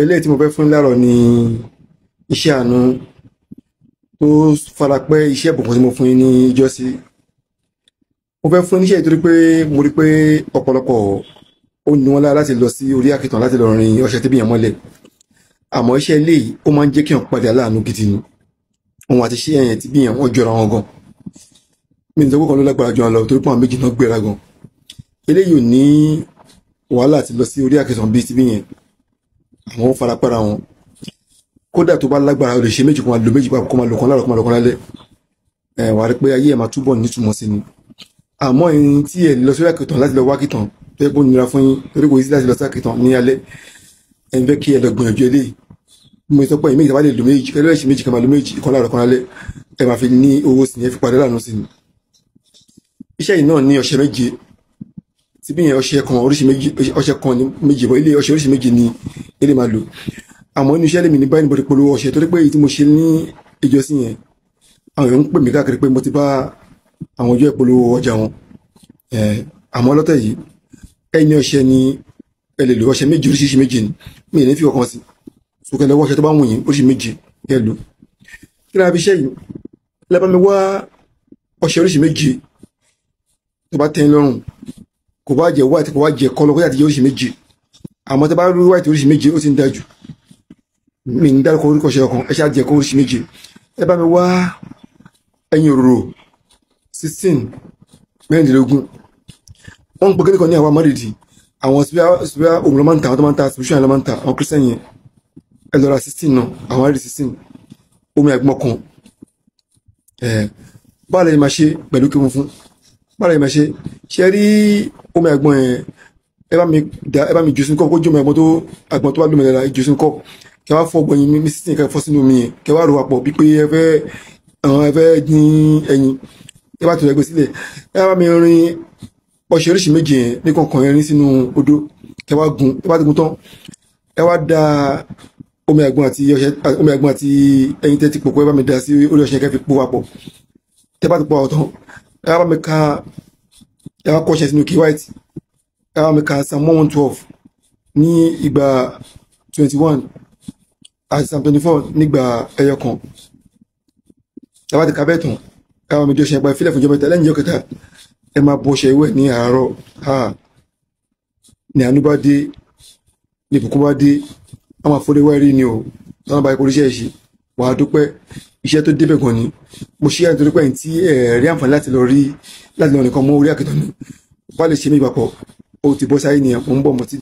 eléyìí tí mo fẹ́ fún lárọ̀ ni iṣẹ́ àánú tó farapẹ́ iṣẹ́ ìbùkún tí mo fún yín ní ìjọ́sí mo fẹ́ fún níṣẹ́ ìtorí pé mo rí pé ọ̀pọ̀lọpọ̀ ó ní wọn lára láti lọ sí orí àkìtàn láti lọ rin ọṣẹ tí bìyàn mọ́lẹ̀ àmọ́ iṣẹ́ eléyìí ó máa ń jẹ́ kí wọ́n padà láàánú gidi ni òun àti iṣẹ́ ẹ̀yẹn tí bìyàn wọ́n jọra wọn gan mi ní sọ́kọ́ kan ló lágbára jù lọ torí pé méjì náà gbéra gan eléyìí ò ní wàhálà àti lọ sí orí àkìtàn bíi ti bìyàn àwọn fara pẹ́ra wọn kódà tó bá lágbára o lè ṣe méjì kó máa lo méjì papọ̀ kó máa lo kan láàárọ̀ kó máa lo kan lálẹ́ ẹ wà á rí pé ayé ẹ̀ máa túbọ̀ nítumọ̀ sí ni àmọ́ ẹni tí ẹ̀ lọ sórí àkìtàn láti lọ wá kìtàn tó yẹ kó nira fún yín torí kò sí láti lọ sí àkìtàn ní alẹ́ ẹ̀ ń fẹ́ kí ẹ lọ gbìyànjú eléyìí mo sọ pé ìmíjì tábàlẹ̀ lo méjì kẹlẹ́ ẹ̀ṣin méjì kan máa lo méjì kan láàárọ̀ kan lálẹ́ ẹ máa fi ní owó sí ni ẹ fi padà lánàá sí ni iṣẹ́ yìí náà ní ọ̀sẹ̀ méje síbí yẹn ọṣẹ kan oríṣi meji, ọṣẹ kan ní méjì bọ́ ilé ọṣẹ oríṣi méjì ni ilé máa lò àmọ́ inú iṣẹ́ lèmi ní báyìí níbo ti polówó ọṣẹ torí pé èyí tí mo ṣe ní ìjọsìn yẹn àwọn èèyàn ń pè mí káàkiri pé mo ti bá àwọn ọjọ́ ìpolówó ọjà wọn àmọ́ lọ́tẹ̀ yìí ẹni ọṣẹ ni ẹ lè lò ọṣẹ méjì oríṣiríṣi ni mi ì fi ọkàn sí sókè lọ́wọ́ ọṣẹ tó bá wù yín oríṣi méjì kẹ lò kí lára fi iṣẹ́ yìí lẹ́bàá mi wá ọṣẹ oríṣi méjì tó bá tẹ́ lọ́rùn kò bá jẹ white kò bá jẹ kọlọ kó yàtí jẹ oríṣi méjì àmọ́ tẹ́ bá rí white oríṣi méjì ó ti ń dájú mi ń dárúkọ orí kọṣẹ ọkàn ẹ ṣáà jẹ kó oríṣi méjì ẹ bá mi wá ẹyin òróró sixteen mẹ́rìndínlógún wọ́n ń pe kékeré kan ní àwọn amárèdì àwọn sibia òun ló máa ń ta àwọn tó máa ń ta spiritual ló máa ń ta àwọn christian yẹn ẹ lọ ra sixteen náà àwọn amárèdì sixteen omi àgbọn kan báwo la yẹ máa ṣe pẹ̀lú kí wọ́n fún báwo la máa ṣe ṣe rí ó mọ ẹ̀gbọ́n ẹ bá mi da ẹ bá mi jù sínú kọ́ọ̀pù kó jọmọ ẹ̀gbọ́n tó àgbọn tó bá lómi dáadáa jù sínú kọ́ọ̀pù kẹ wá fọ ọgbọ́n yìí mi sísìn kẹ fọ sínú mi yẹn kẹ wá rò papọ̀ bí pé ẹ fẹ́ àwọn ẹ fẹ́ dín ẹyin ẹ bá tó ẹgbẹ́ sílẹ̀ ẹ bá mi rin ọṣẹ oríṣi méje yẹn ní kọ̀ọ̀kan yẹn rin sínú odó kẹ wá gun ẹ bá ti gun tán ẹ wá da omi àgbọn àti ọṣẹ omi àgbọn àti ẹyin tẹ ti pò pọ̀ ẹ bá mi da sí orí ọṣẹ kẹ fi pò papọ̀ tẹ bá ti pò àwọn tán ẹ bá mi ka ẹ wá kọ́ṣẹ́ sínú kí white ẹ wá mẹ́ka sam one one twelve ní ìgbà twenty one àti sam twenty four nígbà ẹyọ kan ẹ wá ti ka bẹ́ẹ̀ tán ẹ wá mẹ́jọ ṣe ẹgbà ìfilẹ̀ fún ìjọba ìtẹ́lẹ̀ níjọ́ kẹta ẹ máa bọ́ ṣe ìwẹ̀ ní àárọ̀ ní àánú bá dé ní ìbùkún bá dé wọ́n máa fọ́lẹ́wẹ́rí ni o tí wọ́n bá ikú oríṣẹ́ ṣe wàá dúpẹ́ iṣẹ́ tó débẹ̀ gan ni mo ṣe àìtọ́jú pẹ̀yìn tí ẹ̀rí àǹfààní láti lọ rí láti lọ nìkan mọ́ orí àkìtàn ni bá lè ṣe mí papọ̀ ó ti bọ́ sáyé nìyẹn mo ń bọ̀ mọ́ sí.